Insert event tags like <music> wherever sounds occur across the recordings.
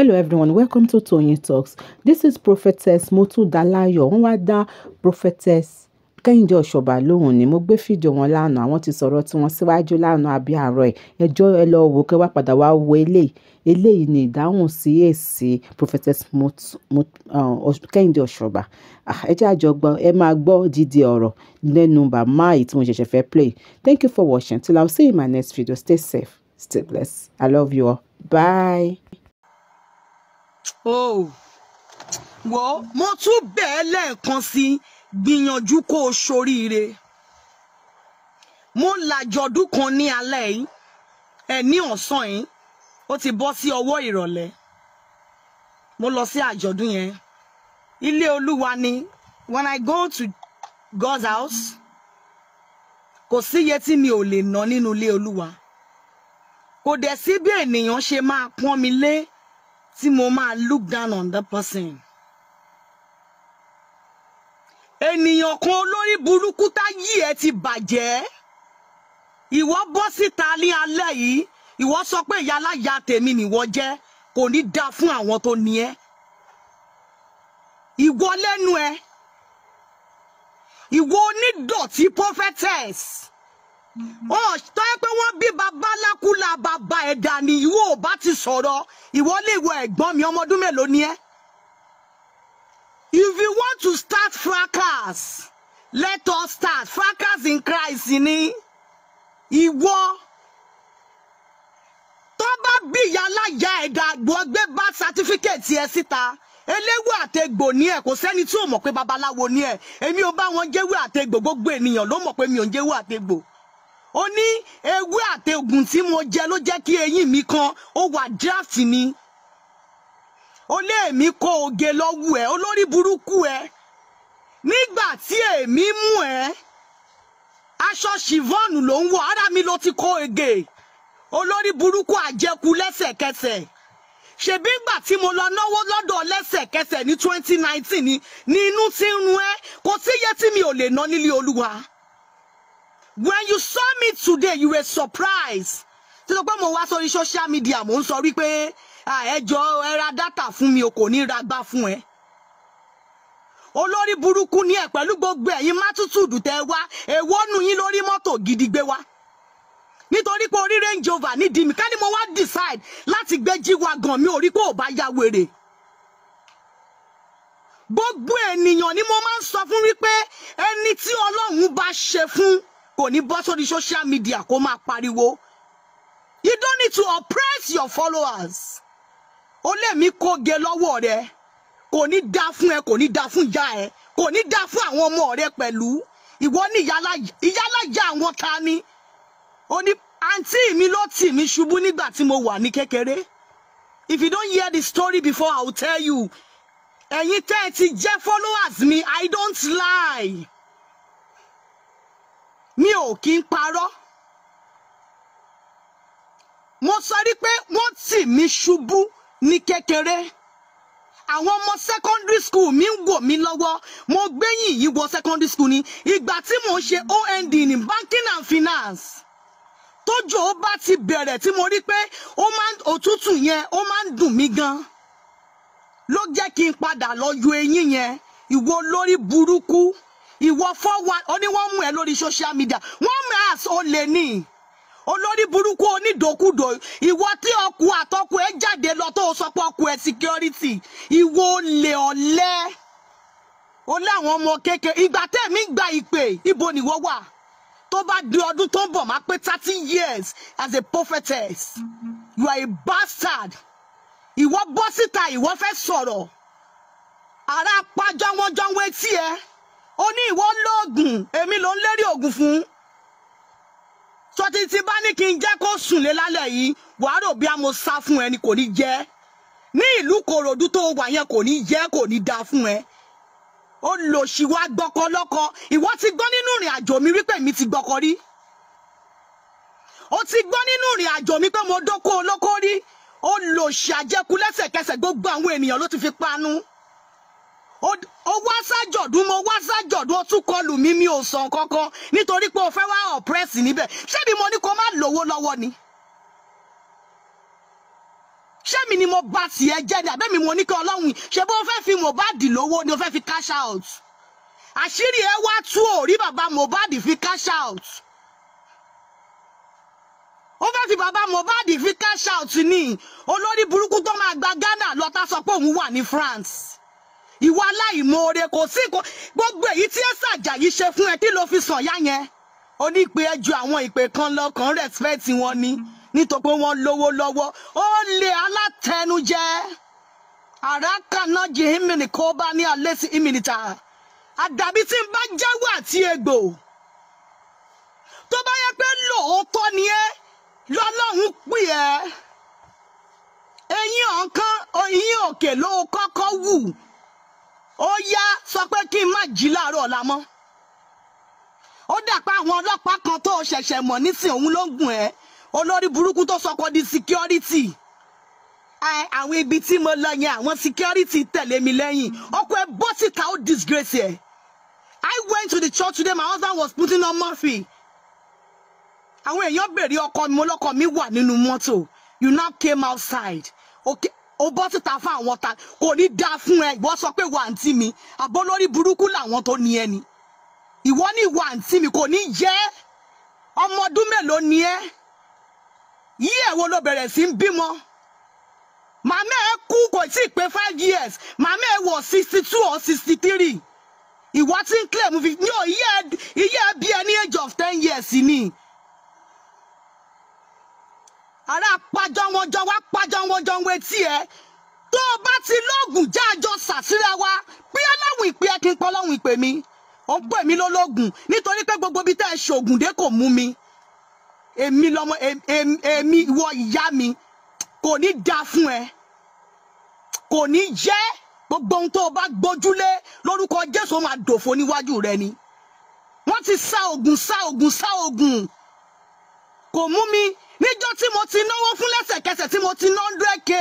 Hello everyone, welcome to Tony Talks. This is Prophetess Motu Dalayo. Wọ́n wá dá Prophetess Kẹ́hìndé Ọ̀ṣọ́bà lóhùn ni mo gbé fídíò wọn lánàá àwọn ti sọ̀rọ̀ tí wọ́n síwájú lánàá àbí àárọ̀ ẹ̀ ẹjọ́ ẹ lọ wò kẹ́ wá padà wá wo eléyìí eléyìí ni ìdáhùn sí èsì Prophetess uh, Kẹ́hìndé Ọ̀ṣọ́bà ah, ẹ jẹ́ àjọ gbọ́ ẹ máa gbọ́ dídì ọ̀rọ̀ lẹ́nu bàmá yìí tí mo ṣẹ̀ṣẹ̀ fẹ́ play thank you for watching till i will see you in my next video stay safe stay blessed i love you all bye oh wo mo tún bẹ́ẹ̀ lẹ́ẹ̀kan sí gbìyànjú kó o ṣoríire mo làjọ̀dún kan ní alẹ́ yìí ẹ̀ ní ọ̀sán yìí ó ti bọ́ sí ọwọ́ ìrọ̀lẹ́ mo lọ sí àjọ̀dún yẹn ilé olúwa ni when I go to God's house kò síye tí mi ò lè ná nínú ilé olúwa kò dẹ̀ sí bí ènìyàn ṣe máa pọ́n mi lé tí mo máa look down on that person. ènìyàn kan olórí burúkú táyé ẹ ti bàjẹ́ ìwọ bọ́ síta ní alẹ́ yìí ìwọ sọ pé ìyá aláya tèmi nìwọ jẹ́ kò ní dáa fún àwọn tó ní ẹ ìwọ lẹ́nu ẹ ìwọ onídọ̀tí prophetess ó tọ́ ẹ pé wọ́n bí bàbá lákúlà bàbá ẹ̀dà ni ìwọ ò bá ti sọ̀rọ̀ ìwọ lè wọ ẹ̀gbọ́n mi ọmọ ọdún mélòó ni ẹ́. if you want to start fracas let us start fracas in Christ ni ìwọ tó bá bí ìyá aláya ẹ̀dà gbọ́gbé bá sátífíkẹ̀tì ẹ síta eléwé àtẹgbò ní ẹ kò sẹ́ni tí ò mọ̀ pé babaláwo ní ẹ èmi ò bá wọn jẹ́wé àtẹgbò gbogbo ènìyàn ló mọ̀ pé mi ò ń àtẹgbò ó ní ewé àtẹ̀gùn tí mo jẹ ló jẹ́ kí eyín mi kan ó wà draft mi ó lé èmi kó oge lọ́wọ́ ẹ olórí burúkú ẹ nígbà tí èmi mú ẹ aṣọ shivon ló ń wọ ara mi ló ti kó ege olórí burúkú àjẹkù lẹ́sẹ̀kẹsẹ̀ ṣebí gbà tí mo lọ náwó lọ́dọ̀ lẹ́sẹ̀kẹsẹ̀ ní 2019 ni ni inú ti ń run ẹ́ kò síye tí mi ò lè ná nílé olúwa when you saw me today you were surprised tí sọ pé mo wá sórí social media mo ń sọ wípé ẹjọ ẹ ra data fún mi o kò ní ra gbá fún ẹ olórí burúkú ni ẹ pẹ̀lú gbogbo ẹ̀yin mátútùdù tẹ wá èwo nu yín lórí mọ́tò gidi gbé wá nítorí pé orí range rover nídìí mi ká ní mo wá decide láti gbé jíwagàn mi ò rí pé ò bá ya wèrè gbogbo ènìyàn ni mo máa ń sọ fún wípé ẹni tí ọlọ́run bá ṣe fún kò ní bọ́ sórí social media kó máa pariwo you don't need to oppress your followers ó lè mí kóge lọ́wọ́ rẹ kò ní dá fún ẹ kò ní dá fún ìyá ẹ kò ní dá fún àwọn ọmọ rẹ pẹ̀lú ìwọ ní ìyálàjà àwọn ta ni ó ní àǹtí mi ló tì mí ṣubú nígbà tí mo wà ní kékeré if you don't hear the story before i will tell you ẹ̀yin tẹ́ ẹ ti jẹ́ followers mi i don't lie mi ò kí ń parọ́ mo sọ rí pé wọ́n tì mí ṣubú ní kékeré àwọn ọmọ secondary school mi ń wò mí lọ́wọ́ mo gbẹ́yìn yìí wọ secondary school ni ìgbà tí mo ń ṣe OND ní banking and finance tójò ó bá ti bẹ̀rẹ̀ tí mo rí pé ó máa ń òtútù yẹn ó máa ń dùn mí gan ló jẹ́ kí n padà lọ yọ eyín yẹn ìwo lórí burúkú ìwọ four one ó ní wọ́n mú ẹ lórí social media wọ́n mú ẹ as olè ní olórí burúkú onídòkúdò ìwọ tí ọkù àtọkù ẹ jáde lọ tó sọ pé ọkù ẹ security ìwọ olè ọ̀lẹ ó láwọn ọmọ kékeré ìgbà tẹ̀mí gba ìpè ibo nìwọ wà tó bá di ọdún tó ń bọ̀ máa pé thirty years as a prophetess you are a bastard ìwọ bọ́ síta ìwọ fẹ́ sọ̀rọ̀ ara pa jọ́wọ́jọ́wọ́ etí ẹ. Eh? ó ní ìwọ lóògùn èmi ló ń lérí ògùn fún sọtí tí bá ní kí n jẹ́ kó sùn lé lálẹ́ yìí wàá rò bí a mo sá fún ẹ ni kò ní jẹ́ ní ìlú Kòròdú tó wà yẹn kò ní jẹ́ kò ní da fún ẹ ó lò sí wa gbọ́kọ lọ́kọ ìwọ ti gbọ́ nínú ìrìn àjò mi wípé mi ti gbọ́kọ rí ó ti gbọ́ nínú ìrìn àjò mi pé mo dóko olóko rí ó lò sí àjẹkù lẹ́sẹ̀kẹsẹ̀ gbogbo àwọn ènìyàn ló ti fi panu ó wá sájọ̀dún mo wá sájọ̀dún ó tún kọlù mí mi ò sàn kankan nítorí pé o fẹ́ wá ọ̀pẹ́rẹ́sì níbẹ̀ ṣébi mo ní kó má lówó lọ́wọ́ ni ṣémi ni mo bá tiẹ̀ jẹ́ ni àbẹ́mi mo ní kí ọlọ́run ṣe bó fẹ́ fi Mohbad lówó ni o fẹ́ fi cash out àṣírí ẹ wá tú òrí bàbá Mohbad fi cash out ó fẹ́ fi bàbá Mohbad fi cash out ní olórí burúkú tó máa gba Ghana lọ́tà sọ pé òun wà ní France ìwà aláìmoore kò sí kò gbogbo èyí tí ẹ ṣàjà yìí ṣe fún ẹ kí ló fi sàn yá yẹn ó ní pé ẹ ju àwọn ìpè kan lọ kàn wọn ni nítorí pé wọn lówó lọ́wọ́ ó lè alátẹnujẹ àràkànná jìhìmìnì kó bá ní alẹ́ sí ìmìnìta àdàbí tí ń bá jẹ́wọ́ àti egbò tó bá yẹ pé lóòótọ́ ni ẹ lọ́lọ́run pè ẹ́ eyín ọ̀kan eyín òkè ló kọ́kọ́ wù ó yá sọ pé kí n má jí láàárọ̀ ọ̀la mọ́ ó dà pé àwọn ọlọ́pàá kan tó ṣẹ̀ṣẹ̀ mọ̀ nísìn òun ló ń gùn ẹ́ olórí burúkú tó sọkọ di security ẹ àwọn ibi tí mo lọ yẹn àwọn security tẹ̀lé mi lẹ́yìn ọkọ ẹ bọ́ síta ó disgrace ẹ I went to the church today my husband was putting on morphine àwọn èèyàn béèrè ọkọ mi ọlọ́kọ mi wà nínú mọ́tò you now came outside okay o bọ́ síta fún àwọn ta kò ní dáa fún ẹ ìwọ sọ pé wà àǹtí mi àbọ̀ lórí burúkú làwọn tó ní ẹni ìwọ ní ìwà àǹtí mi kò ní yẹ ọmọ ọdún mélòó ni ẹ yí ẹ̀wọ̀ ló bẹ̀rẹ̀ sí ń bímọ màmá ẹ kú kò tí pé five years màmá ẹ wọ sixty two or sixty three ìwọ ti ń claim fi ní òye ẹ bí ẹ ní age of ten years ni Ara pàjọ wọn jọ wá pàjọ wọn jọ ń wetí ẹ tó o bá ti lóògùn já àjọ sàsíra wa pé ọlọ́run ìpè ẹ kí n pọ́ ọlọ́run ìpè mi ó ń pè mí lólógùn nítorí pé gbogbo ibi tẹ́ ẹ ṣoògùn dé kò mú mi èmi lọmọ èmi ìwọ ìyá mi kò ní da fún ẹ kò ní jẹ́ gbogbo ohun tó o bá gbójúlé lórúkọ Jésù máa dòfo níwájú rẹ ni wọ́n ti sá ògùn sá ògùn sá ògùn kò mú mi níjọ́ tí mo ti náwó fún lẹ́sẹ̀kẹsẹ̀ tí mo ti ná hundred k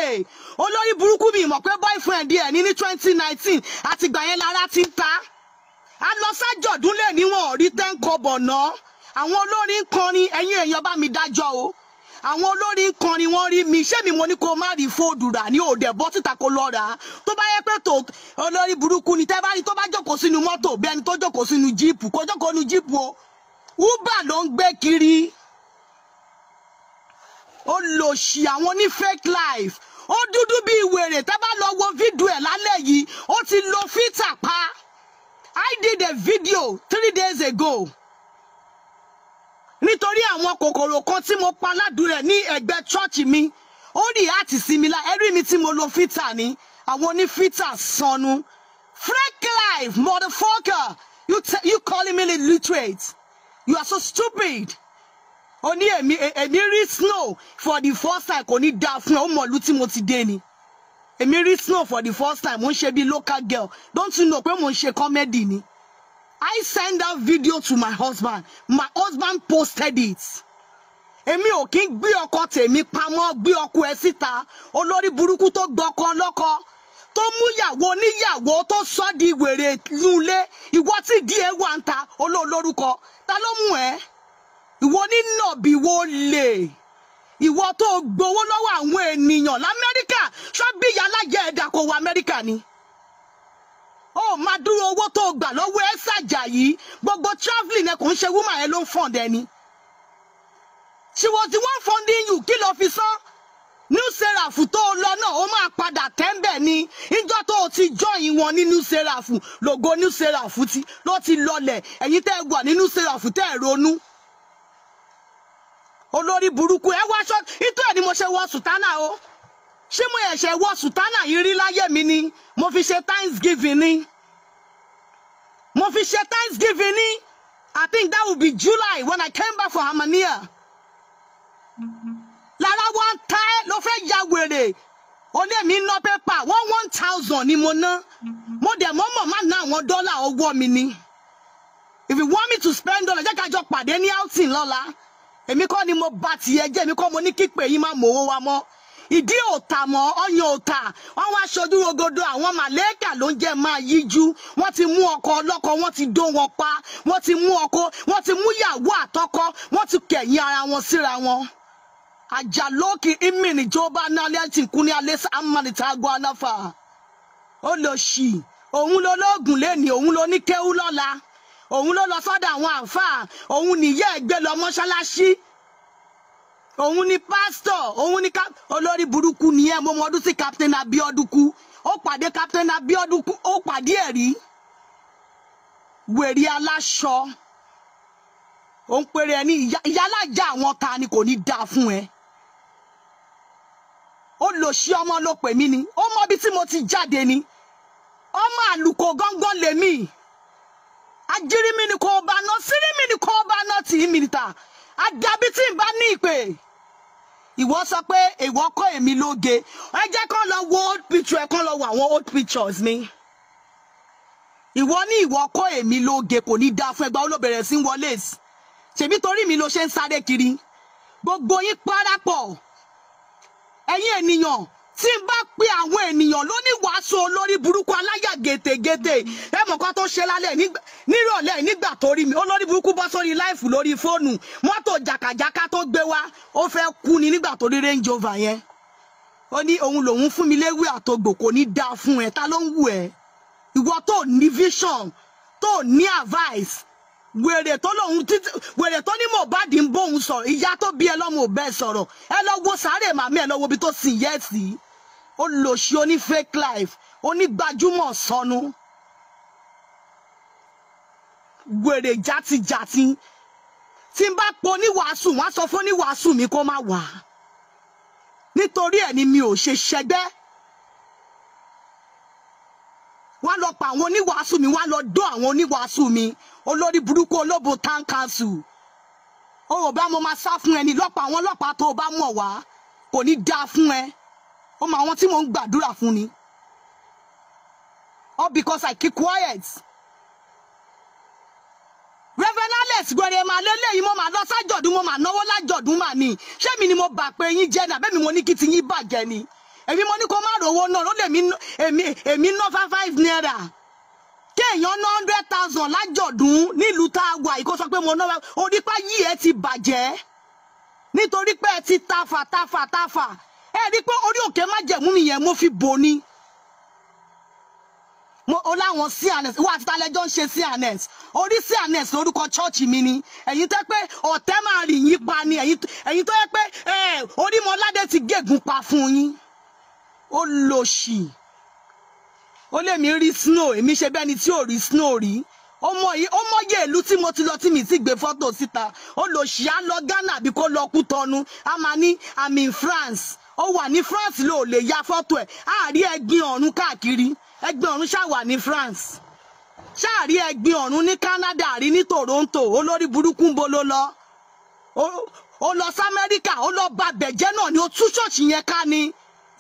olórí burúkú mi mọ̀ pé boyfriend ẹ̀ ní ní twenty nineteen àtìgbà yẹn lára ti ń ta a lọ sájọ̀dún lè níwọ̀n rí ten kọ́bọ̀ ná àwọn olórin kọrin ẹ̀yin èèyàn bá mi dájọ́ o àwọn olórin kọrin wọn rí mi ṣé mi mo ní kó má rí fóòdù rà ní òde bọ́ síta kó lọ rà tó bá yẹ pé tó olórí burúkú ni tẹ́ bá rí tó bá jókòó sínú mọ́tò bí ẹni tó jókòó sínú jíìpù kó jókòó sínú jíìpù o uber ló ń gbé kiri ó àwọn ní fake life ó dúdú bíi wèrè tá lọ wo fídíò ẹ̀ lálẹ́ yìí ó ti lo fítà pa I did a video three days ago nítorí àwọn kòkòrò kan tí mo pa ládùúrẹ ní ẹ̀gbẹ́ ṣọ́ọ̀ṣì mi ó rí àti sinmi la ẹrí mi tí mo lo fítà ni àwọn oní fítà sọnù fake life motherfucker you, you calling me illiterate you are so stupid ó ní èmi èmi rí snow for the first time kò ní dáa fún ẹ ó mọ̀lú tí mo ti dé ni èmi rí snow for the first time mo ń ṣe bí local girl don't you know pé mo ń ṣe comedy ni I send that video to my husband my husband posted it èmi ò kí ń gbé ọkọ tèmi pamọ́ gbé ọkọ ẹ síta olórí burúkú tó gbọkọ lọ́kọ tó mú yàwó oníyàwó tó sọ di wèrè lulẹ̀ ìwọ tí díẹ̀ wà ń ta ta ló mú ẹ. Eh? ìwọ nílọ̀bì wo lè ìwọ tó gbowó lọ́wọ́ àwọn ènìyàn lamẹ́ríkà ṣọ́bíyà alájẹ ẹ̀dá kò wọ amẹ́ríkà ni ó máa dúró owó tó gbà lọ́wọ́ ẹ̀ ṣàjà yìí gbogbo travelling ẹ̀ kò ń ṣe woman ẹ̀ ló ń fọ̀n dẹni she was the one funding you kí ló fi san new seraph tó lọ náà ó máa padà tẹ́ńbẹ̀ ni níjọ́ tó o ti jọyìn wọn ní new lògo new seraph ti ló ti lọlẹ̀ ẹ̀yin tẹ́ ẹ wà ní new seraph tẹ́ ẹ ronú olórí burúkú ẹ wáṣọ itú ẹ ni mo ṣe wọ sùtánà o ṣé mo ẹ̀ṣẹ̀ wọ sùtánà yìí rí láyé mi ni mo fi ṣe thanksgiving ni mo fi ṣe thanksgiving ni I think that would be July when I came back from Amania lára wọn tá ẹ ló fẹ́ ya wèrè olémi ná pépà one one thousand ni mo ná mo dẹ̀ mọ́ mọ̀ má ná àwọn dọ́là ọwọ́ mi ni if you want me to spend dollar jẹ́ ká jọ pàdé ní outing lọ́la èmi kọ́ ni mo bá tiẹ̀ jẹ́ èmi kọ́ mo ní kípè yín má mòwó wa mọ́ ìdí òòtà mọ́ ọyàn òòtà wọ́n wá ṣojú rogodo àwọn màlẹ́kà ló ń jẹ́ máa yíjú wọ́n ti mú ọkọ ọlọ́kọ wọ́n ti dó wọn pa wọ́n ti mú ọkọ wọ́n ti mú yàwó àtọkọ wọ́n ti kẹ̀yìn ara wọn síra wọn àjàlókì imini jọba nálẹ́tì kúni alẹ́sà amanita agbo aláfà ó lọ sí òun lolóògùn lẹ́ni òun ló ní kéwú lọ́la òun ló lọ sọ́dọ̀ àwọn àǹfààní òun nìyẹ́ ẹ̀ gbé lọ mọ́ṣáláṣí òun ni pásítọ̀ òun ni olórí burúkú nìyẹn mo mọ ọdún sí captain Abiodun kú ó pàdé captain Abiodun kú ó pàdé ẹ̀ rí wèrè aláṣọ ó ń pèrè ẹ ní ìyálàjà àwọn ta ni kò ní dáa fún ẹ ó lò sí ọmọ ló pè ni ó mọ ibi tí mo ti jáde ni ọmọ àlùkò gángan lèmi ajiri mi ni kò bá ná sírí mi ni kò bá ná tì í mi níta àdàbí tí n bá ní ìpè ìwọ sọ pé ìwọ kọ èmi lóge ẹ jẹ́ kán lọ wo old picture ẹ kán lọ wo àwọn old pictures mi ìwọ ní ìwọ kọ èmi lóge kò ní dáa fún ẹgbàá olóbẹ̀rẹ̀ sí wọlé ṣèbí torí mi ló ṣe ń sáré kiri gbogbo yín parapọ̀ ẹ̀yin ènìyàn tí n bá pe ènìyàn ló ní wàásù olórí burúkú aláyà gètègètè ẹ mọ̀ kan tó ṣe lálẹ́ nírọ̀lẹ́ nígbà tó mi olórí burúkú bọ́ sórí láìfù lórí fóònù mọ́tò jàkàjàkà tó gbé wá ó fẹ́ kú ni nígbà tó rí range over yẹn ó ní òun lòun fún mi léwé àtògbò kò ní dáa fún ẹ ta ló ń wù ẹ ìwọ tó ní vision tó ní advice wèrè tó lòun títí wèrè tó ní Mohbad ń bóun sọ̀rọ̀ ìyá tó bí ẹ lọ́mọ ò bẹ́ẹ̀ sọ̀rọ̀ ẹ lọ wo sáré màmí ẹ lọ wo ibi tó sìn yẹ́ sí olòṣì oní fake life onígbajúmọ̀ sọnù wèrè játijàti tí n bá po oníwàásù wọn á sọ fún oníwàásù mi kó má wà nítorí ẹ̀ ni mi ò ṣe ṣẹgbẹ́ wọn lọ pa àwọn oníwàásù mi wọn lọ dó àwọn oníwàásù mi olórí burúkú olóbo town council o ò bá mo máa sá fún ẹni lọ́pàá àwọn ọlọ́pàá tó o bá mọ̀ wá kò ní dáa fún ẹ ó mọ àwọn tí mò ń gbàdúrà fún ni all because I keep quiet. Reverend Alex gbọ́dọ̀ máa lélẹ́yìn mo máa lọ sájọ̀dún mo máa náwó lájọ̀dún mà ní ṣé mi ni mo bà pé yín jẹ́ ní àbẹ́mi mo ní kí ti yín bàjẹ́ ni èmi mo ní kó má rówó náà ló lè èmi ná five five naira kéèyàn ná hundred thousand lájọ̀dún nílùú tá a wà yìí kó sọ pé mo ná pa yìí ẹ ti bàjẹ́ nítorí pé ẹ ti tafà tafà tafà ẹ rí i pé orí òkè májẹ̀mú mi yẹn mo fi bò ni mo o láwọn cns ìwọ àti talẹjọ ń ṣe cns orí cns lórúkọ chọọchì mi ni ẹ̀yin tẹ́ pé ọ̀tẹ̀ máa rì yín pa ni ẹ̀yin tó yẹ pé orímọládé ti gégùn pa fún yín ó lò ṣì ó lè mi rí snow èmi ṣe bẹ́ẹ̀ ni tí ò rí snow rí ó mọyé ìlú tí mo ti lọ tí mi ti gbé fọ́tò síta ó lò ṣì á lọ Ghana àbí kó lọ kú tọnu a máa ní i'm in France ó wà ní France ló lè ya fọ́tò ẹ̀ àárí ẹ̀gbin ọ̀run káàkiri ẹ̀gbin ọ̀run ṣáà wà ní France ṣáàrí ẹ̀gbin ọ̀run ní Canada àrí ní Toronto olórí burúkú ń bo ló lọ ó lọ sí Amẹ́ríkà ó lọ ba bẹ̀jẹ́ náà ni ó tú ṣọ́ọ̀ṣì yẹn ká ni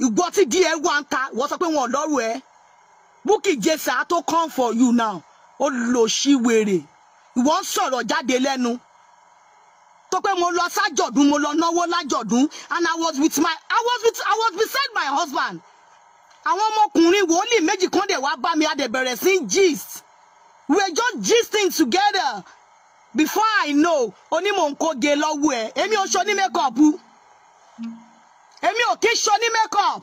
ìgbọ́ tí díẹ̀ wá ń ta wọ́n sọ pé wọn ò lọ́rù ẹ̀ Bukky Jesse tó come for you now ó lò sí wèrè ìwọ ń sọ̀rọ̀ jáde lẹ́nu tó pé mo lọ sájọ̀dún mo lọ náwó lájọ̀dún and I was with my I was with I was beside my husband àwọn ọmọkùnrin wòlíì méjì kan dẹ̀ wá bá mi a dẹ̀ bẹ̀rẹ̀ sí gist we were just gisting together before I know onímọ̀ nkóge lọ́wọ́ ẹ̀ èmi ò ṣoní makeup èmi ò kí ṣoní makeup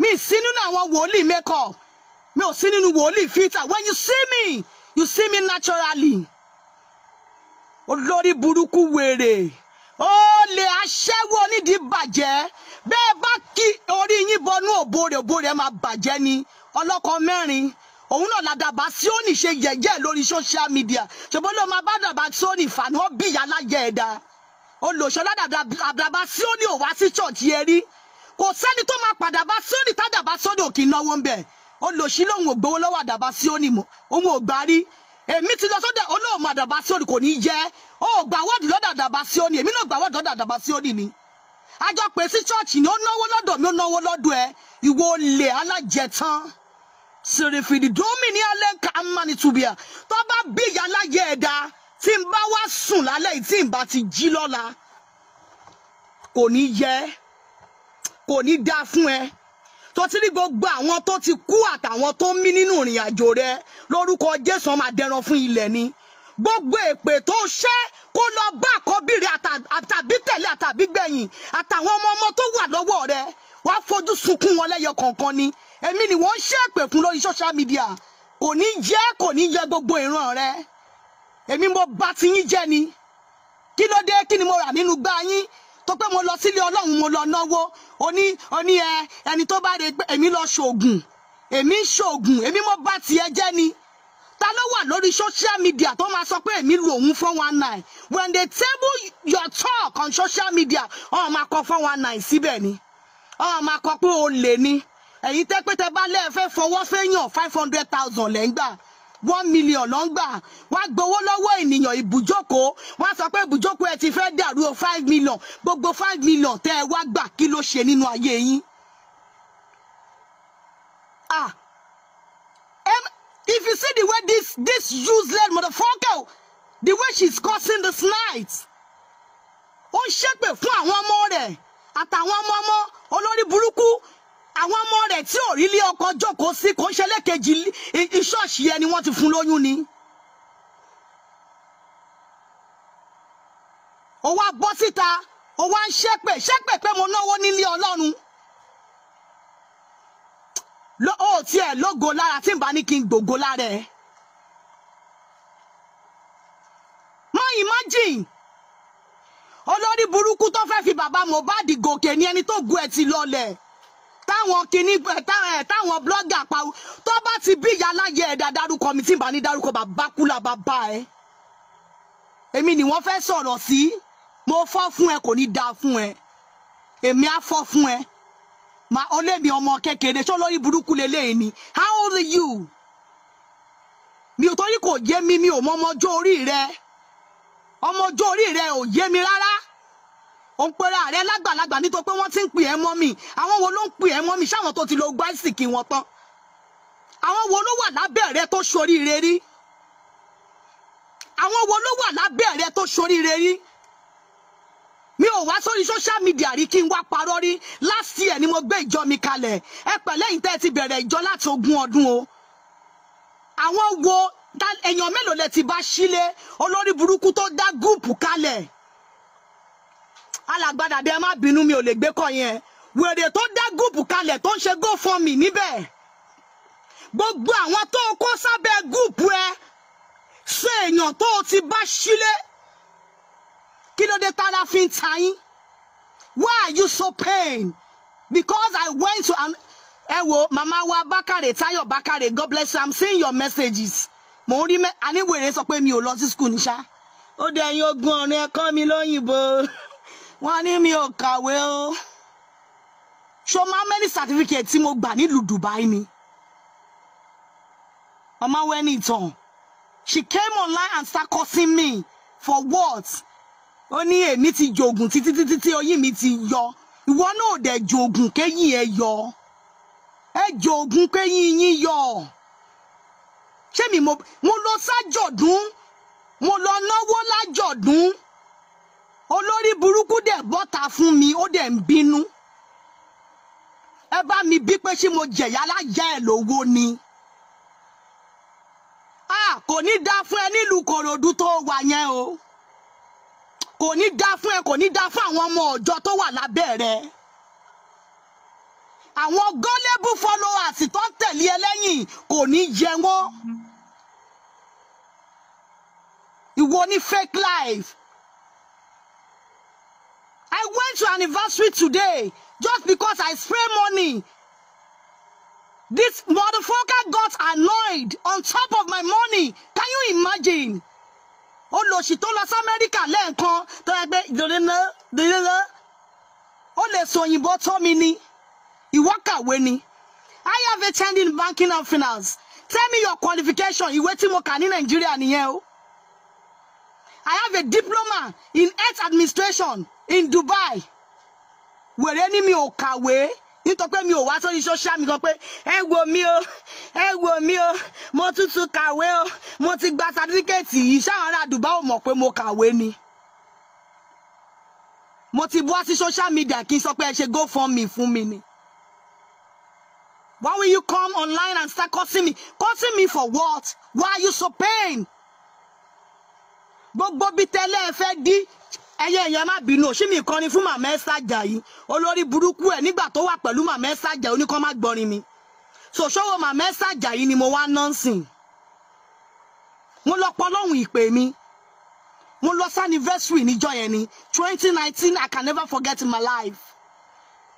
mi sí nínú àwọn wòlíì makeup mi ò sí nínú wòlíì filter when you see me you see me naturally olórí burúkú wèrè ó lè aṣẹ́wó onídìí bàjẹ́ bẹ́ẹ̀ bá kí orí yín bọnú òbó rẹ̀ òbó rẹ̀ máa bàjẹ́ ni ọlọ́kọ mẹ́rin òun náà làdàbà síónì ṣe yẹ̀yẹ́ lórí social media ṣùgbọ́n ló máa bá dàbà síónì fàánù ó bí ìyá láyé ẹ̀dá olùṣọ́lá dàbà síónì ò wá sí church yẹn rí kò sẹ́ni tó máa padà bá síónì tádàbà sódò kì í náwó ń bẹ̀ olùṣí lòun ò gbowó lọ́wọ́ àdàbà síónì mọ́ òun ò gbárí èmi ti lọ sọ́dọ̀ olóòmù àdàbà sí òní kò ní jẹ́ ó gbà wọ́ọ̀dù lọ́dọ̀ àdàbà sí òní èmi náà gbà wọ́ọ̀dù lọ́dọ̀ àdàbà sí òní ni àjọ pè sí chọ́ọ̀chì ni ó náwó lọ́dọ̀ mi ó náwó lọ́dọ̀ ẹ ìwọ olè alájẹtán sèrèfìdì dómì ní alẹ́ ká amánitubia tó bá bí ìyá aláyẹ ẹ̀dá tí n bá wá sùn lálẹ́ yìí tí n bá ti jí lọ́la kò ní yẹ kò ní dáa fún ẹ tó ti rí gbogbo àwọn tó ti kú àtàwọn tó ń mí nínú ìrìn àjò rẹ lórúkọ Jésù ọmọ adẹran fún ilẹ̀ ni gbogbo èpè tó ṣe kó lọ bá àkọ́bìrì àtàbí tẹ̀lé àtàbí gbẹ̀yìn àtàwọn ọmọ ọmọ tó wà lọ́wọ́ rẹ wàá fojú sunkún wọn lẹ́yọ kọ̀ọ̀kan ni èmi ni wọ́n ṣe èpè fún lórí social media kò ní jẹ́ kò ní yẹ gbogbo ìran rẹ èmi mo bá ti yín jẹ́ ni kí ló dé kí ni mo rà nínú gbá yín tó pé mo lọ sílé ọlọ́run mo lọ náwó oní oní ẹ ẹni tó bá rè pé èmi lọ ṣoògùn èmi ṣoògùn èmi mo bá tiẹ̀ jẹ́ ni ta ló wà lórí social media tó máa sọ pé èmi lu òun four one nine when they table your talk on social media ọ̀n máa kọ four one nine síbẹ̀ ni ọ̀n máa kọ pé o lè ni ẹ̀yin tẹ́ pé tẹ́ bá lẹ́ẹ̀fẹ́ fọwọ́ fẹ́yàn five hundred thousand lẹ́ńgbà one million ló ń gbà wá gbowó lọ́wọ́ ènìyàn ibùjókòó wá sọ pé ibùjókòó ẹ ti fẹ́ dàrú o five million gbogbo five million tẹ́ ẹ wá gbà kí ló ṣe nínú ayé yín. ah em if you see the way this this useless motherfucker the way she's cursing this night ó ń ṣépè fún àwọn ọmọ rẹ̀ àtàwọn ọmọ ọmọ olórí burúkú àwọn ọmọ rẹ̀ tí ò rí lé ọkọ jókòó sí kò ń ṣe lẹ́ẹ̀kejì ìṣọ́ọ̀ṣì ẹni wọ́n ti fún lóyún ni. ó wá bọ́ síta ó wá ń ṣépè ṣépè pé mo náwó nílé ọlọ́run ló ó tiẹ̀ lógo lára tí n bá ní kí n gbògo lára ẹ̀. mọ imagine olórí burúkú tó fẹ́ fi bàbá Mohbad gòkè ni ẹni tó gun ẹ̀ ti lọlẹ̀ táwọn kinní eh, táwọn eh, blọ́gà pariwo tó bá ti bí ìyá aláyẹ ẹ̀dá dárúkọ mi tí n bá ní dárúkọ bàbá kúlà bàbá ẹ èmi ni wọ́n fẹ́ sọ̀rọ̀ sí mo fọ́ fún ẹ kò ní dáa fún ẹ èmi á fọ́ fún ẹ ma olèmi ọmọ kékeré ṣó lórí burúkú lélẹ́yìn ni how old are you mi ò torí kò yé mi mi ò mọ ọmọ ọjọ́ orí rẹ ọmọ ọjọ́ orí rẹ ò yé mi rárá ò ń pera rẹ lágbàlagbà nítorí pé wọ́n ti ń pè ẹ́ mọ́ mi àwọn wo ló ń pè ẹ́ mọ́ mi ṣáwọn tó ti lo gbáìsìkì wọn tán àwọn wo ló wà lábẹ́ tó ṣoríire rí àwọn wo ló wà lábẹ́ tó ṣoríire rí mi ò wá sórí social media rí kí n wá parọ́ rí last year ni mo gbé ìjọ mi kalẹ̀ ẹ pẹ̀lẹ́ yìí tẹ́ ẹ ti bẹ̀rẹ̀ ìjọ láti ogún ọdún o àwọn wo èèyàn mélòó lẹ ti bá sílé olórí burúkú tó dá gúùpù kalẹ̀ alàgbàdà bí ẹ má bínú mi ò lè gbé kọ yẹn wèrè tó dá gúùpù kalẹ̀ tó ń ṣe go for me níbẹ̀ gbogbo àwọn tó kó sábẹ́ gúùpù ẹ ṣe èèyàn tó o ti bá sílé kí ló dé tára fi ń ta yín why are you so pain because I went to an ẹ wo màmá wa Bákàrè Táyọ̀ Bákàrè God bless you I'm seeing your messages mò ń rí mẹ́ àníwèrè sọ pé mi ò lọ sí school níṣá ó dẹ̀yìn ogun ọ̀rìn ẹ̀kọ́ mi lóyìnbó. <laughs> wọ́n ní mi ò kàwé o ṣo máa mẹ́ni certificate tí mo gbà nílùú Dubai ni mama wẹ́ni ìtàn she came online and start cursing me for what ó ní èmi ti jogun títí títí tí oyin mi ti yọ ìwọ náà dẹ̀ jogun kéyìn ẹ yọ ẹ jogun kéyìn yín yọ ṣé mi mo lọ sájọ̀dún mo lọ náwó lájọ̀dún olórí burúkú dẹ̀ bọ́ta fún mi ó dẹ̀ ń bínú ẹ bá mi bí pé ṣé mo jẹ̀yà alájà ẹ̀ lówó ni a kò ní dá fún ẹ nílùú kòròdú tó wà yẹn o kò ní dá fún ẹ kò ní dá fún àwọn ọmọ ọjọ́ tó wà lábẹ́ rẹ àwọn gọ́lébù followers tó ń tẹ̀lé ẹ lẹ́yìn kò ní jẹ wọ́n ìwọ ní fake life I went to anniversary today just because I spray money. This motherfucker got annoyed on top of my money. Can you imagine? Ó lọ sí tó lọ sí Amẹ́ríkà lẹ́ẹ̀kan tó yẹ pé dèrèlè dèrèlè ó lè sọ òyìnbó tó mi ni ìwọ kàwé ni. I have attended banking and finance. Tell me your qualification ìwé tí mo kà ní Nàìjíríà nìyẹn o. I have a diploma in health administration in Dubai. Wèrè ni mi ò kàwé nítorí pé mi ò wá sórí social media pé ẹ wo mi o ẹ wo mi o mo tuntun kàwé o mo ti gba sàtífíkẹ́ẹ̀tì yìí ṣáwọn ará Dubai ò mọ̀ pé mo kàwé ni. Mo ti bọ́ sí social media kí n sọ pé ẹ ṣe GoFundMe fún mi ni. Why will you come online and start cursing me? Cursing me for what? Why are you so pain? gbogbo bíi tẹ́lẹ̀ ẹ fẹ́ dí ẹyẹ èèyàn má bínú òṣì mi kọrin fún màmá ẹ Sàjàyí olórí burúkú ẹ nígbà tó wà pẹ̀lú màmá ẹ Sàjàyí oníkan má gbọ́rin mi sòṣòwò màmá ẹ Sàjàyí ni mo wá nọ́ọ̀sìn mo lọ pọ lọ́hùn ìpè mi mo lọ saniversary níjọ́ yẹn ni twenty nineteen I can never forget in my life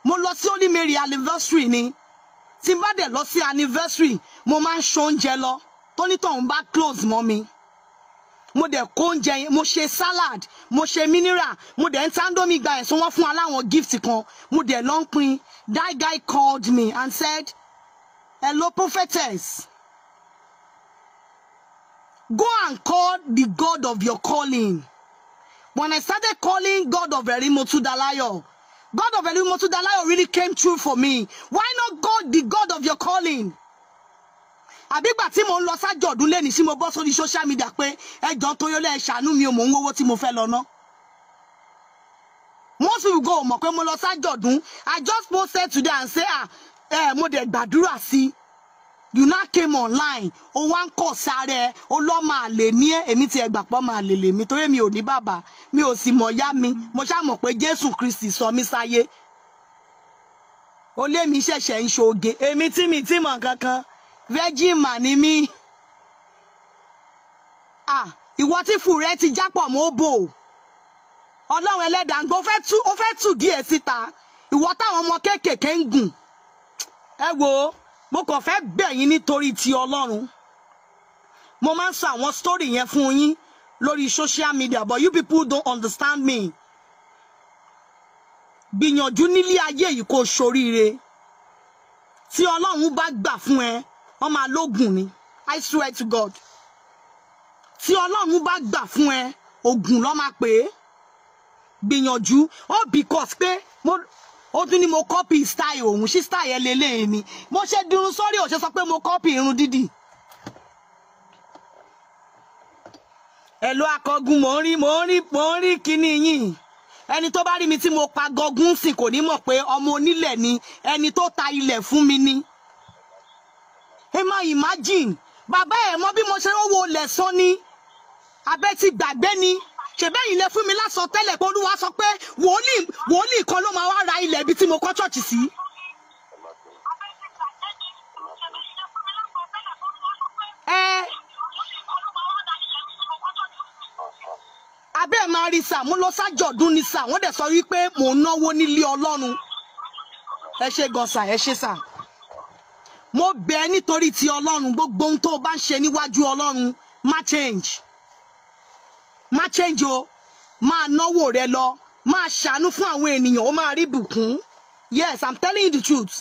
mo lọ sí Holy Mary anniversary ni tí n bá dẹ̀ lọ sí anniversary mo máa ń ṣoúnjẹ lọ tónítọ̀hún bá close mọ́ mi mo dẹ̀ kó oúnjẹ yẹn mo ṣe salad mo ṣe mineral mo dẹ̀ ń tandomi gba ẹ̀sùn wọn fún aláwọn gift kan mo dẹ̀ lọ ń pin that guy called me and said hello prophetess go and call the god of your calling when I started calling God of Erimotu Dalayo God of Erimotu Dalayo really came true for me why not God the God of your calling àbígbà tí mo ń lọ sájọ̀dún lẹ́ni tí mo bọ́ sórí social media pé ẹjọ́ toyọ́lẹ̀ ṣàánú mi ò mò ń tí mo fẹ́ lọ ná. most people go mọ̀ pé mo lọ sájọ̀dún i just posted today and say ah eh, mo dẹ̀ gbàdúrà sí you now came online o wá ń kọ̀ sára ẹ o lọ́ máa lè ní ẹ èmi ti ẹgbà pọ̀ máa lè lè mi torí mi ò ní bàbá mi ò sì mọ̀ yá mi mo ṣáà mọ̀ pé Jésù Kristi sọ mí sáyé o mi ṣẹ̀ṣẹ̀ ń ṣoge èmi tí mi ti mọ̀ kankan virgin mà ni mí ìwọ tí fù rẹ ti jápọ̀ mọ́ bò ọlọ́run ẹlẹ́dàá ń gbọ́ ó fẹ́ tù díẹ̀ síta ìwọ táwọn ọmọ kéékèèké ń gùn ẹ wo mo kàn fẹ́ bẹ̀ nítorí ti ọlọ́run mo máa ń sọ àwọn story yẹn fún yín lórí social media but you people don't understand me gbìyànjú nílé ayé yìí kó ṣoríire tí ọlọ́run bá gbà fún ẹ wọ́n máa lóògùn ni I swear to God tí ọlọ́run bá gbà fún ẹ ògùn lọ́ máa pè é gbìyànjú ó because pé mo ó tún ní mo copy style òun sí style eléyìí ni mo ṣe dirun sórí ó sọ pé mo copy irun dídì. ẹ̀lò akọgun mò ń rí mò ń rí mò ń rí kinní yìí ẹni tó bá rí mi tí mo pa gọgún sìn kò ní mọ̀ pé ọmọ onílẹ̀ ni ẹni tó ta ilẹ̀ fún mi ni ẹ má imagine bàbá ẹ̀ mọ bí mo ṣe ń wo lẹ̀sán ni abẹ́ ti gbàgbé ni ṣèbẹ́yìn lè fún mi lásán tẹ́lẹ̀ pé olúwa sọ pé wòlíì wòlíì kan ló máa wá ra ilẹ̀ ibi tí mo kọ́ ṣọ́ọ̀ṣì sí. ẹ abẹ́ ẹ̀ máa rí sà mo lọ sájọ̀dún ni sà wọ́n dẹ̀ sọ wípé mò ń náwó nílé ọlọ́run ẹ ṣe gan sà ẹ ṣe sà mo bẹ̀ ẹ́ nítorí ti ọlọ́run gbogbo ohun tó o bá ń ṣe níwájú ọlọ́run má change má change o máa náwó rẹ lọ máa ṣàánú fún àwọn ènìyàn ó máa rí bùkún yes i'm telling you the truth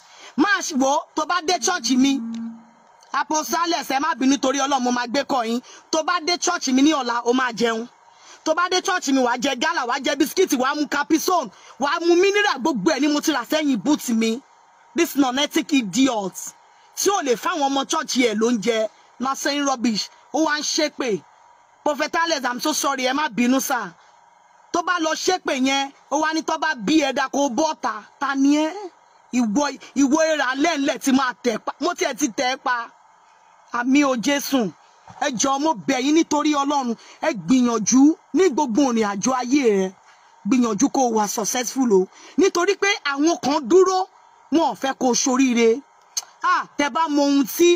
máa wò tó bá dé chọ́ọ̀chì mi apostales ẹ má bínú torí ọlọ́run mo máa gbé kọ́ yín tó bá dé chọ́ọ̀chì mi ní ọ̀la ó máa jẹun tó bá dé chọ́ọ̀chì mi wàá jẹ gálà wàá jẹ bisikíìtì wàá mu capison wàá mu mineral gbogbo ẹ̀ ni mo ti rà sẹ́yìn búùtì mi this non-ethic idiot tí ò lè fáwọn ọmọ church ẹ̀ ló ń jẹ not saying rubbish ó wá ń ṣépè prophet alex i'm so sorry ẹ má bínú sá tó bá lọ ṣépè yẹn ó wá ní tó bá bí ẹ dà kó bọ́ ta ta ni ẹ ìwọ ìwọ ìrà lẹ́ńlẹ̀ tí máa tẹ̀ pa mo tiẹ̀ ti tẹ̀ pa àmì o jésù ẹ jọ̀ọ́ mo bẹ̀ yín nítorí ọlọ́run ẹ gbìyànjú ní gbogbo ìrìn àjò ayé rẹ gbìyànjú kó wà successful o nítorí pé àwọn kan dúró wọn ò fẹ́ kó ṣoríire ah tẹ bá mọ ohun tí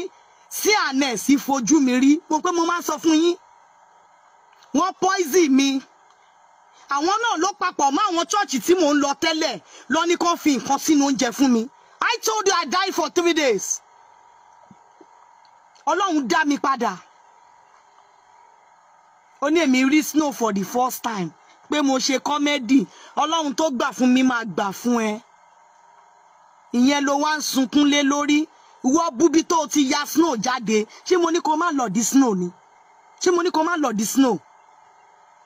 sí ànẹ́sì fojú mi rí mo pé mo máa ń sọ fún yín wọ́n poison mi àwọn náà ló papọ̀ mọ́ àwọn chọ́ọ̀chì tí mò ń lọ tẹ́lẹ̀ lọ ní kàn fi nǹkan sínú oúnjẹ fún mi I told you I die for three days ọlọ́run dá mi padà ó ní èmi rí snow for the first time pé mo ṣe kọ́mẹ́dì ọlọ́run tó gbà fún mi máa gbà fún ẹ ìyẹn ló wá ń sunkún lé lórí wọ́n búbi tó ti ya snow jáde ṣé mo ní kó má lọ di snow ni ṣé mo ní kó má lọ di snow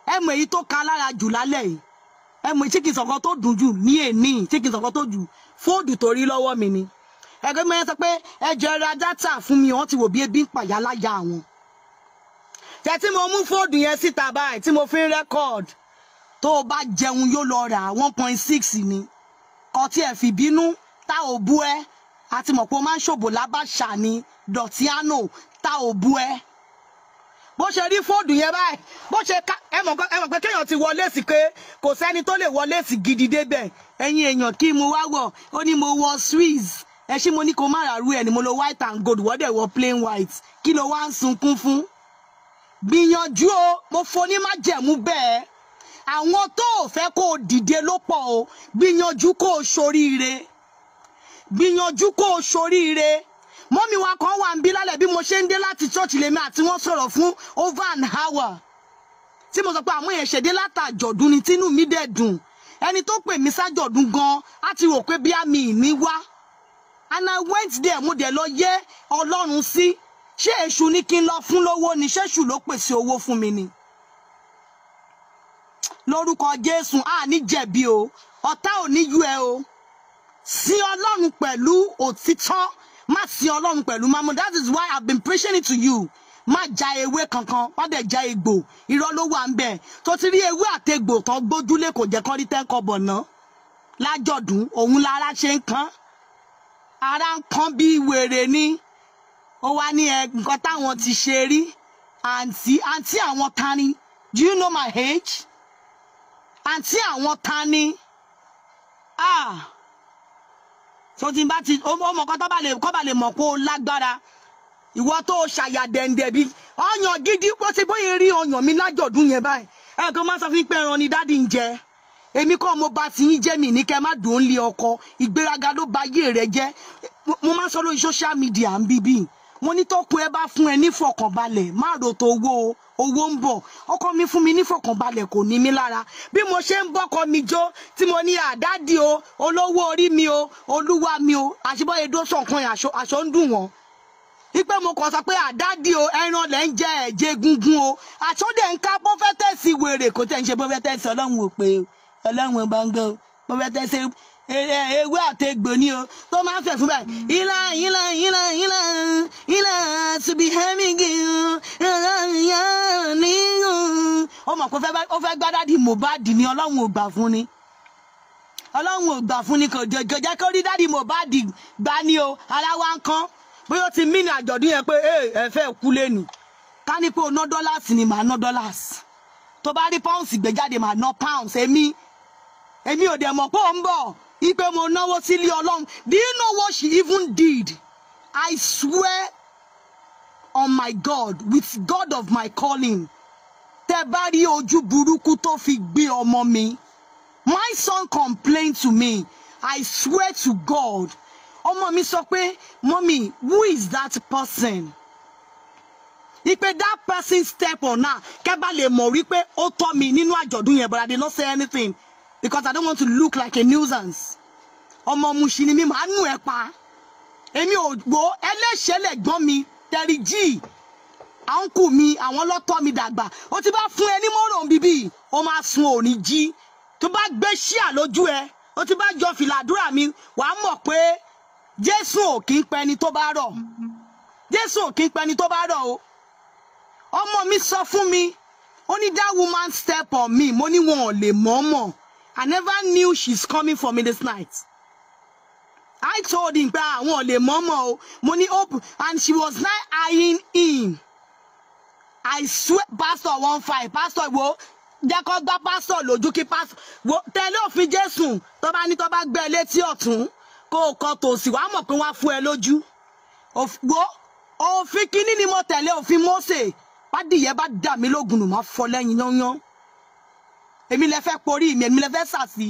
ẹ mọ èyí tó ka lára jù lálẹ́ yìí ẹ mọ chicken sọ̀kan tó dùn jù ní èní chicken sọ̀kan tó jù fóòdù tó rí mi ni ẹgbẹ́ mi sọ pé ẹ jọ ra dátà fún mi wọ́n ti wò bí ebi ń pàyà láyà àwọn tẹ tí mo mú fóòdù yẹn síta báyìí tí mo fi ń rẹ́kọ̀d tó o bá jẹun yóò lọ rà one point six ni kọtí ẹ fi bínú tá ò bú ẹ àti mọ̀ pé o máa ń ṣòbò lábàṣà ni dọ̀tíánò ta ò bu ẹ bó ṣe rí fóònù yẹn báyìí bó ṣe ká ẹ mọ̀ pé kéèyàn ti wọlé sí pé kò sẹ́ni tó lè wọlé sí gidi débẹ̀ ẹ̀yin èèyàn kí mo wá wọ̀ ó ní mo wọ swiss ẹ ṣí mo ní kó má ràrú ẹ ni mo lo white and gold wọ́n dẹ̀ wọ plain white kí ló wá ń sunkún fún gbìyànjú o mo foni má jẹ̀mú bẹ́ẹ̀ àwọn tó o fẹ́ kó o dìde ló pọ̀ o gbìyànjú kó o ṣoríire gbìyànjú kó o ṣoríire mọ́mí wa kan wà ń bí lálẹ́ bí mo ṣe ń dé láti church lèmi àti wọ́n sọ̀rọ̀ fún over an hour tí mo sọ pé àwọn èèyàn ṣẹ̀dé látàjọ̀dún ni tínú mi dẹ̀ dùn ẹni tó pè mí sájọ̀dún gan á ti rò pé bí àmì ìní wá and I went there mo dẹ̀ lọ yẹ ọlọ́run sí ṣé èṣù ni kí n lọ fún lówó ni ṣéṣù ló pèsè owó fún mi ni lórúkọ Jésù àní jẹ̀bi o ọ̀tá ò ní yú ẹ o sin ọlọ́run pẹ̀lú òtítọ́ má sin ọlọ́run pẹ̀lú mamu that is why i have been preaching it to you má ja ewé kankan wọ́n dẹ̀ ja egbò irọ́ ló wà ń bẹ̀ tó ti rí ewé àtegbò tán gbójúlé kò jẹ́ kán rí tẹ́ńkọ̀bọ̀ náà lájọ̀dún òun lára ṣe ń kán ara ń kán bí wèrè ni ó wá ní nǹkan táwọn ti ṣe rí àǹtí àǹtí àwọn ta do you know my age àǹtí àwọn ta ni ah so tí n bá ti ọmọ kan tó bá lè kọ́ bá lè mọ̀ pé lágbára ìwọ tó ṣàyà dẹ̀ǹdẹ̀ bí ọyàn gidi kó ṣe bóyá rí ọyàn mi lájọ̀dún yẹn báyìí ẹ kò má sọ fún pé ẹran ni dádì ń jẹ èmi kọ́ mo bá ti yín jẹ́ mi ní kẹ́ má dùn ún lé ọkọ ìgbéraga ló ba ayé rẹ jẹ́ mo máa sọ lórí social media ń bíbí mo ní tó kun ẹ bá fún ẹ nífọ̀kànbalẹ̀ má rò owó o owó ń bọ̀ ọkọ mi fún mi nífọ̀kànbalẹ̀ kò ní mí lára bí mo ṣe ń bọ́kọ mi jó tí mo ní àdádì o olówó orí mi o olúwa mi o àṣìbọ́yé dó sọ̀kan aṣọ ń dùn wọ́n ipe mo kàn sọ pé àdádì o ẹran lẹ́ ń jẹ ẹ̀jẹ̀ gungun o àtúndẹ̀ ń ká bó fẹ́ tẹ̀sí wèrè kò tẹ̀ ń ṣe bó fẹ́ tẹ̀sí ọlọ́run ò pé ọlọ́run ò bá ń gbọ́ bó Eh, eh, ewé àtẹgbò ni o tó máa ń fẹ̀ fún báyìí ilá ilá ilá ilá ilá síbi hẹ́mígì ilá ìyá ní. ó mọ̀ pé ó fẹ́ gbádádì Mohbad ni ọlọ́run ò gbà fún ni ọlọ́run ò gbà fún ni kò jẹ́ kó rí dádì Mohbad gbá ni o ara wa ń kán bóyá ó ti mí ní àjọ̀dún yẹn pé ẹ fẹ́ kú lẹ́nu ká ní pé o ná dọ́làsì ni màá ná dọ́làsì tó bá rí pọ́ùnsì gbé jáde màá ná pọ́ùnsì èmi èmi ò dẹ̀ mọ̀ pé ó ń bọ̀ ipe mo náwó sílé ọlọ́run do you know what she even did I swear on my God with God of my calling tẹ bá rí ojú burúkú tó fi gbé ọmọ mi my son complained to me I swear to God ọmọ mi sọ pé mọ́mí who is that person ipe that person step on na kẹ́ bá lè mọ̀ wípé ó tọ́ mi nínú àjọ̀dún yẹn but I dey not say anything because I don't want to look like a nuisance ọmọ Mushin ni mi màá nù ẹ pa èmi ò gbọ́ ẹlẹ́ṣẹ̀ lẹ̀gbọ́n mi tẹ̀rí jí àǹkù mi àwọn lọ́tọ́ mi dàgbà ó ti bá fún ẹ ní mọ́ràn bíbí ó máa sun òní jí tó bá gbé ṣíà lójú ẹ ó ti bá jọ fìlàdúrà mi wàá mọ̀ pé Jésù ò kí ń pẹni tó bá rọ̀ Jésù ò kí ń pẹni tó bá rọ̀ o ọmọ mi sọ fún mi ó ní that woman step on me mo ní wọn ò lè mọ̀ ọ́ mọ̀. I never knew she's coming for me this night. I told him pé àwọn ah, ò lè mọ́mọ́ o mo and she was not eyeing him. I swear pastor one five pastor wo jẹ́ kó gbá pastor lójú kí pastor wo tẹ̀lé òfin Jésù tó bá ní tó bá gbẹ́ e létí ọ̀tún kó o kọ tòsì wàá mọ̀ pé wọ́n á Of ẹ lójú. wo òfin kínní ni mo tẹ̀lé òfin Mósè pádìyẹ bá dà lo lógun nù má fọ lẹ́yìn yányán èmi lẹ fẹ́ porí mi èmi lẹ fẹ́ sà sí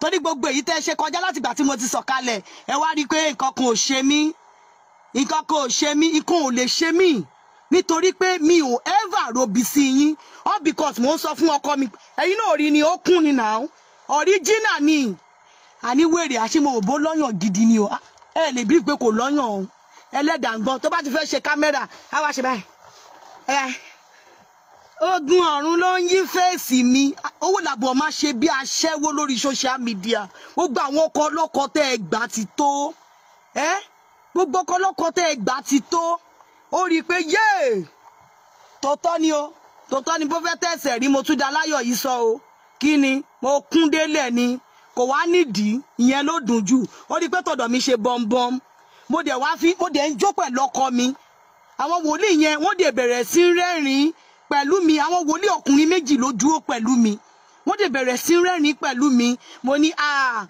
torí gbogbo èyí tẹ́ ṣe kọjá látìgbà tí mo ti sọ̀kalẹ̀ ẹ wá rí i pé nǹkan kan ò ṣe mí nǹkan kan ò ṣe mí nǹkan ò lè ṣe mí nítorí pé mi ò ever robi sí yín all because mo ń sọ fún ọkọ mi ẹ̀yin náà rí ni ó kún ni now original ni àníwèrè àṣemọ̀wòbó lọ́yàn gidi ni o ah, ẹ lè bí pé kò lọ́yàn o ẹlẹ́dàá ń gbọ́n tó bá ti fẹ́ ṣe kámẹ́rà á wá ṣe báyìí ogun ọ̀run ló ń yí fèsì mi owó làbọ̀ máa ṣe bí aṣẹ́wó lórí social media gbogbo àwọn ọkọ̀ ọlọ́kọ̀ tẹ́ ẹ gbà ti tó ẹ gbogbo ọkọ̀ ọlọ́kọ̀ tẹ́ ẹ gbà ti tó ó rí i pé yéè tòótọ́ ni o tòótọ́ ni bó fẹ́ tẹ̀sẹ̀ rí mo tún da láyọ̀ yìí sọ o kí ni mo kún délẹ̀ ni kò wá nídìí ìyẹn ló dùn jù ó rí i pé tọ̀dọ̀ mi ṣe bọ́m̀bọ́m mo dẹ̀ wá fi mo dẹ̀ ń jó pẹ̀lú ọkọ mi àwọn wòlíì yẹn wọ́n dẹ̀ bẹ̀rẹ̀ sí rẹ́rìn-ín pẹ̀lú mi àwọn wòlíì ọkùnrin méjì ló dúró pẹ̀lú mi wọ́n dẹ̀ bẹ̀rẹ̀ sí rẹ́rìn pẹ̀lú mi mo ní ah,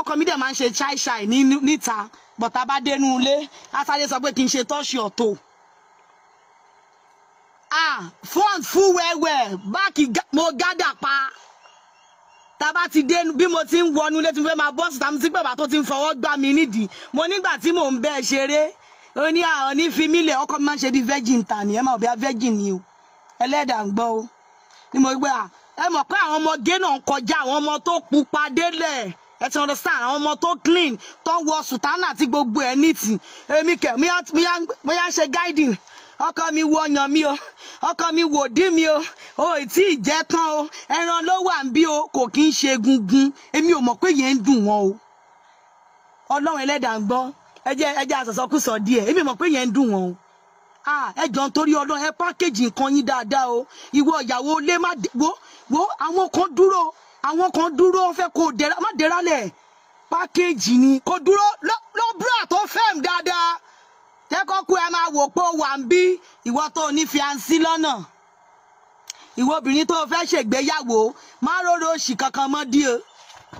ọkọ mi dẹ̀ máa ń ṣe ṣáìṣáì níta bọ̀tà bá dénú ilé asáré sọ pé kì í ṣe tọ́ṣì ọ̀tọ̀ front full wẹ́wẹ́ báàkì mo gádà pa tàbá ti dé bí mo ti ń wọnú ilé tí mo fẹ́ máa bọ́ sí tàbí sí pé bàbá tó ti ń fọwọ́ gbá mi nídìí mo nígbà tí mò ń bẹ́ẹ̀ ṣeré ó ní àwọn ah, ní fi mílẹ̀ ọkọ máa ń ṣe bí virgin ta ni ẹ máa bí a virgin ni o ẹlẹ́dàá ń gbọ́ o ni mo gbé à ah, ẹ mọ̀ pé àwọn ọmọ gé náà ń kọjá àwọn ọmọ tó pupa délẹ̀ ẹ ti understand àwọn ọmọ tó clean tó wọ sùtánà àti gbogbo ẹ ní tì èmi kẹ mo yá ń ṣe guiding ọkọ mi wo ọyàn mi o ọkọ mi wò dí mi o o ì tí ì jẹ tán o ẹran ló wà ń bí o kò kí ń ṣe gungun èmi ò mọ̀ pé yẹn ń dùn wọn o ọlọ́run ẹlẹ́dàá ń gbọ́ ẹ jẹ́ ẹ jẹ́ àsọ̀sọ́kùsọ díẹ̀ èmi mọ̀ pé yẹn ń dùn wọn o ẹ jọ ń torí ọdún ẹ pákéjì nǹkan yín dáadáa o ìwọ ìyàwó lé má wo wo àwọn kan dúró àwọn kan dúró fẹ́ kó dẹ̀ra má dẹ̀ra lẹ̀ pákéjì ni kó dúró ló búrà tó fẹ́m dáadáa tẹ́kọ̀ọ́kú ẹ máa wò pé wà ń bí ìwọ tó ní fiansí lọ́nà ìwọ obìnrin tó fẹ́ ṣègbéyàwó má róró òṣì kankan mọ́ díẹ̀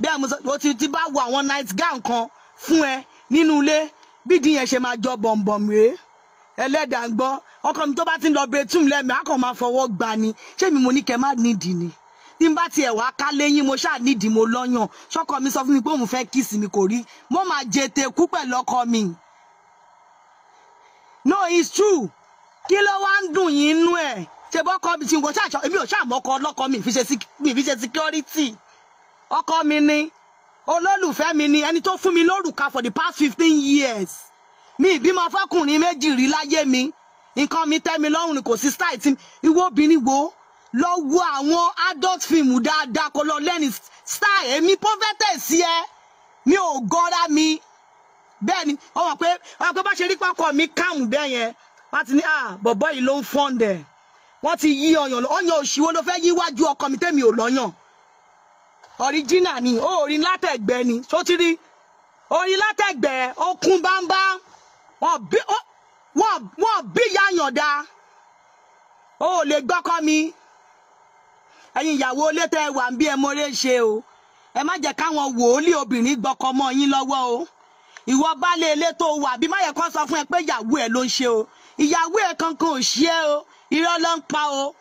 bẹ́ẹ̀ mo ti bá wo àwọn night gown kan fún ẹ nínú ilé bí dín yẹn ṣe máa jọ bọ̀m̀bọ̀m rèé ẹlẹ́dàá ń gbọ́ ọkọ mi tó bá ti ń lọ betún lẹ́mìí á kàn máa fọwọ́ gba ni ṣé mi mo ní kẹ́ má nídìí ni bí n bá tiẹ̀ wá ká léyìn mo ṣáà nídìí mo lọ́yàn ṣọ́kọ mi sọ fún mi pé òun fẹ́ kí sí mi kò rí mo máa jètè kú pẹ̀lú ọkọ mi. no it's true kí ló wá ń dùn yín inú ẹ̀ ṣe bọ́ ọkọ mi ti ń wọ ṣáà èmi ò ṣáà mọ́ ọkọ ọlọ́kọ mi ìfiṣe security ọkọ mi ni olólùfẹ́ mi ni ẹni tó fún mi lórùka for the past fifteen years mi ìbímọ fọkùnrin méjì rí láyé mi nǹkan mi tẹ́ mi lọ́rùn ni kò sí style tí ìwọ obìnrin wo lọ wo àwọn adult film dáadáa kó lọ lẹ́ni style èmi prophetess sí ẹ mi ò gọ́ra mi bẹ́ẹ̀ ni ọmọ pé ọmọ pé bá ṣe rí pákọ̀ mi káàmù bẹ́ẹ̀ yẹn wọ́n ti ní ah bọ̀bọ́ yìí ló ń fọ́ǹdẹ̀ wọ́n ti yí ọyàn ọyàn òṣìwọ́ ló fẹ́ yíwájú ọkọ mi tẹ́mi ò lọ́yàn original ni ó orin látẹ̀gbẹ́ ni sotiri orin látẹ̀gbẹ́ okun bámbá wọn bí wọn bí yáyànda ó lè gbọ́kọ mi ẹ̀yin ìyàwó létẹ wà ń bí ẹ mọrẹ ṣe o ẹ má jẹ́ káwọn wòólì obìnrin gbọ́kọ mọ́ yín lọ́wọ́ o ìwọ baálé ilé tó wà bí má yẹ kó sọ fún ẹ pé ìyàwó ẹ ló ń ṣe o ìyàwó ẹ kankan ò ṣe o irọ́ ló ń pa o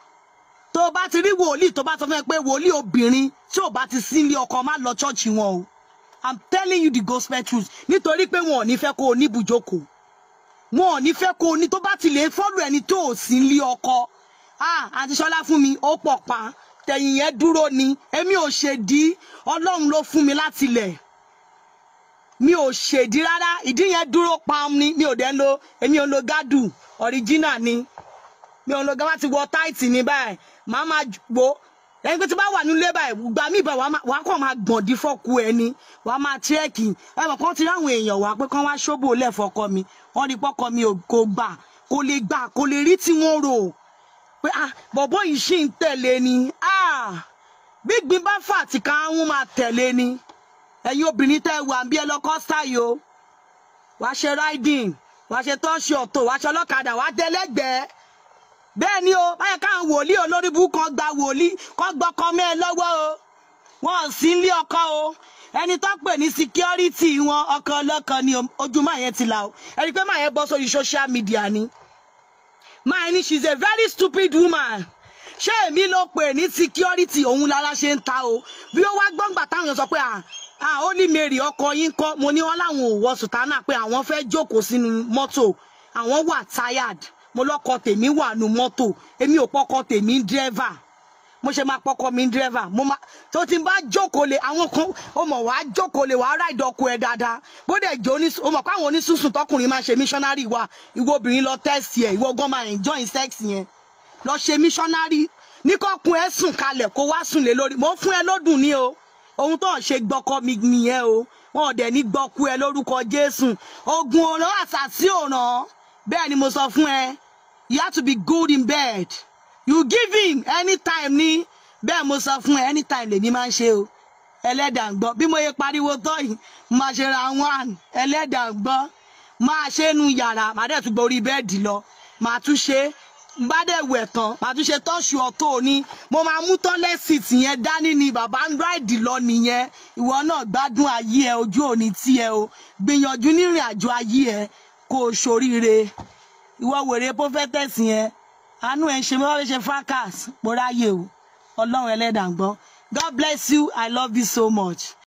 tó bá ti rí wòlíì tó bá sọ fún ẹ pé wòlíì obìnrin tí ò bá ti sí ilé ọkọ má lọ ṣọ́ọ̀ṣì wọn o i'm telling you the gospel truth nítorí pé wọn ò ní fẹ́ kó o ní ibùjókòó wọn ò ní fẹ́ kó o ní tó bá ti lè fọ́lù ẹni tó ò sí ilé ọkọ ah àti Ṣọlá fún mi ó pọ̀ pa tẹ̀yìn yẹn dúró ni èmi ò ṣèdí ọlọ́run ló fún mi láti lẹ̀ mi ò ṣèdí rárá ìdí yẹn dúró pam ni mi ò dẹ́ lo èmi ò lo gádù ọ̀ríjínà ni mi ò lo gáwá ti wọ táìtì ní báyìí màá máa wo ẹni pé tí bá wà nílé báyìí gbà mí ìbá wàá kàn máa gbọ̀n di fọ́kù ẹni wàá máa tírẹ́kì ẹ̀wọ̀n kan ti ráwọn èèyàn wá pé kán wá ṣóbò lẹ́fọ̀ọ́kọ mi wọ́n ní pọ́kọ mi kò gbà kò lè gbà kò lè rí tí wọ́n rò pé ah bọ̀bọ́ yìí ṣì ń tẹ̀lé ni ah gbígbín bá fà tí ká ń máa tẹ̀lé ni ẹ̀yin obìnrin tẹ́ wà ń bí ẹ lọ́kọ́ sáyò wàá ṣe riding wàá ṣe tọ́ṣì ọ̀tọ̀ wàá ṣe ọlọ́kadà wàá tẹ́lẹ́gbẹ̀ẹ́ bẹ́ẹ̀ ni o báyẹn káwọn wòlíì olórí kan gba wòlíì kan gbọ́kọ mẹ́ ẹ lọ́wọ́ o wọn ò sí ilé ọkọ o ẹni tó pè ní security wọn ọkọ ọlọ́kọ ni ojú máa yẹn ti là o ẹni pé máa yẹn bọ́ sórí social media ni máa ní she is a very stupid woman ṣé èmi ló pè ní security òun lára ṣe ń ta o bí ó wá gbọ́ngbà táwọn èèyàn sọ pé à à ó ní mary ọkọ yín kọ́ mo ní wọn láwọn ò wọ sùtánà pé àwọn fẹ́ jókòó sínú mọ́tò àwọn wà tired mo lọ́kọ tèmi wà nù mọ́tò èmi ò pọ́kọ tèmi ń dírẹ́fà mo ṣe máa pọ́kọ mi ń dírẹ́fà mo máa tó ti bá jókòó lé àwọn kan ó mọ̀ wá jókòó lé wàá ráìdì ọkọ ẹ̀ dáadáa bó dẹ̀ jẹ́ oní ó mọ̀ pé àwọn onísùsùn tọkùnrin máa ṣe míṣọ́nárì wa ìwọ obìnrin lọ tẹ́sì ẹ̀ ìwọ gan máa enjoy sex yẹn lọ ṣe míṣọ́nárì ní kọ́kùn ẹ̀ sùn kalẹ̀ kó wá sùn lé lórí mo fún ẹ lódùn ní o ohun tó ń ṣe gbọ́kọ mi nìyẹn o wọn ò dẹ̀ ní gbọ́kú ẹ lórúkọ Jésù ogun ọ̀rọ̀ àṣà sí ọ̀ràn bẹ́ẹ̀ ni mo sọ fún ẹ you have to be good in bed you give him anytime ní bẹ́ẹ̀ mo sọ fún ẹ anytime lèmi máa ń ṣe o ẹlẹ́dàá ń gbọ́ bí mo yẹ pariwo tọ́ yìí máa ṣe ra one ẹlẹ́dàá ń gbọ́ máa ṣe nu yàrá màá dẹ̀ tún gborí bẹ́ẹ̀dì lọ màá tún ṣe bá dẹ̀ wẹ̀ tán màá tún ṣe tọ́ṣù ọ̀tọ̀ òní mo máa mú toilet seat yẹn dání ni bàbá ń ráìdì lọ nìyẹn ìwọ náà gbádùn ayé ẹ ojú òní tiẹ o gbìyànjú nírìn àjò ayé ẹ kó o ṣoríire ìwọ wèrè prophetess yẹn àánú ẹ̀ ń ṣe mi ṣe fracas mo o ọlọ́run ẹlẹ́dàá gbọ́ God bless you I love you so much.